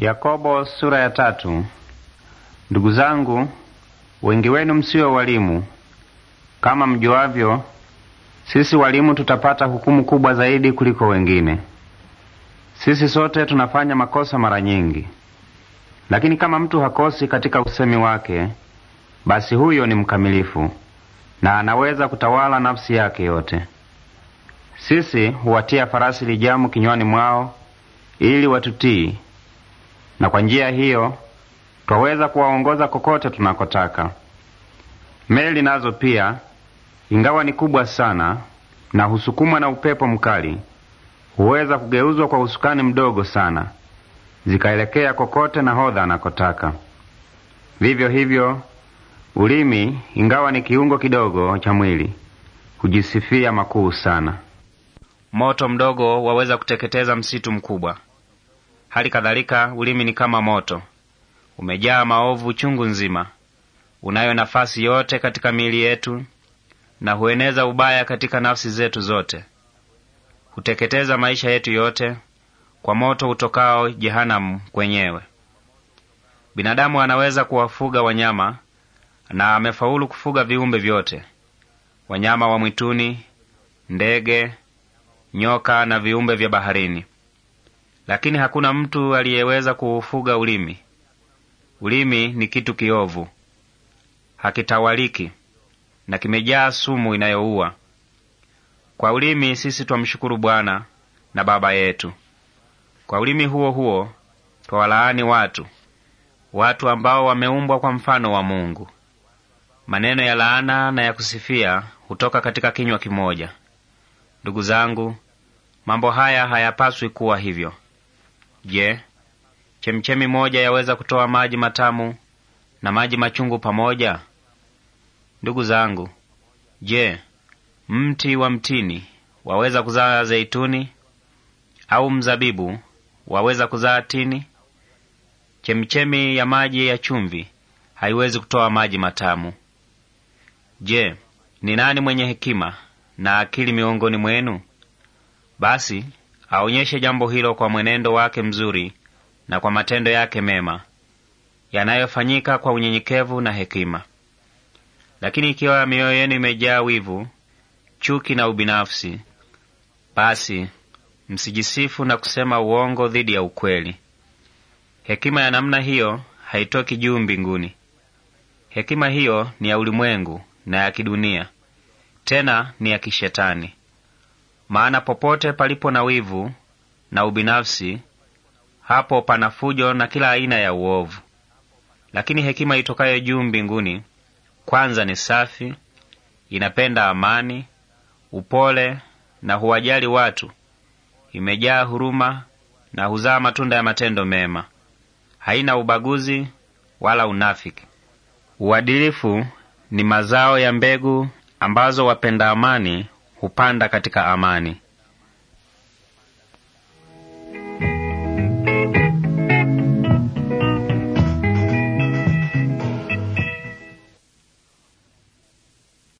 Yakobo sura ya tatu. Ndugu zangu, wengi wenu msiwe walimu. Kama mjuavyo, sisi walimu tutapata hukumu kubwa zaidi kuliko wengine. Sisi sote tunafanya makosa mara nyingi, lakini kama mtu hakosi katika usemi wake, basi huyo ni mkamilifu na anaweza kutawala nafsi yake yote. Sisi huwatia farasi lijamu kinywani mwao ili watutii na kwa njia hiyo twaweza kuwaongoza kokote tunakotaka. Meli nazo pia, ingawa ni kubwa sana na husukumwa na upepo mkali, huweza kugeuzwa kwa usukani mdogo sana, zikaelekea kokote nahodha anakotaka. Vivyo hivyo, ulimi, ingawa ni kiungo kidogo cha mwili, hujisifia makuu sana. Moto mdogo waweza kuteketeza msitu mkubwa. Hali kadhalika ulimi ni kama moto, umejaa maovu chungu nzima. Unayo nafasi yote katika miili yetu na hueneza ubaya katika nafsi zetu zote, huteketeza maisha yetu yote kwa moto utokao jehanamu kwenyewe. Binadamu anaweza kuwafuga wanyama na amefaulu kufuga viumbe vyote, wanyama wa mwituni, ndege, nyoka na viumbe vya baharini lakini hakuna mtu aliyeweza kuufuga ulimi. Ulimi ni kitu kiovu, hakitawaliki na kimejaa sumu inayoua. Kwa ulimi sisi twamshukuru Bwana na Baba yetu, kwa ulimi huo huo twawalaani watu, watu ambao wameumbwa kwa mfano wa Mungu. Maneno ya laana na ya kusifia hutoka katika kinywa kimoja. Ndugu zangu, mambo haya hayapaswi kuwa hivyo. Je, chemchemi moja yaweza kutoa maji matamu na maji machungu pamoja? Ndugu zangu, je, mti wa mtini waweza kuzaa zeituni? Au mzabibu waweza kuzaa tini? Chemchemi ya maji ya chumvi haiwezi kutoa maji matamu. Je, ni nani mwenye hekima na akili miongoni mwenu? Basi aonyeshe jambo hilo kwa mwenendo wake mzuri na kwa matendo yake mema yanayofanyika kwa unyenyekevu na hekima. Lakini ikiwa mioyo yenu imejaa wivu, chuki na ubinafsi, basi msijisifu na kusema uongo dhidi ya ukweli. Hekima ya namna hiyo haitoki juu mbinguni. Hekima hiyo ni ya ulimwengu na ya kidunia, tena ni ya kishetani. Maana popote palipo na wivu na ubinafsi, hapo pana fujo na kila aina ya uovu. Lakini hekima itokayo juu mbinguni kwanza ni safi, inapenda amani, upole na huwajali watu, imejaa huruma na huzaa matunda ya matendo mema, haina ubaguzi wala unafiki. Uadilifu ni mazao ya mbegu ambazo wapenda amani hupanda katika amani.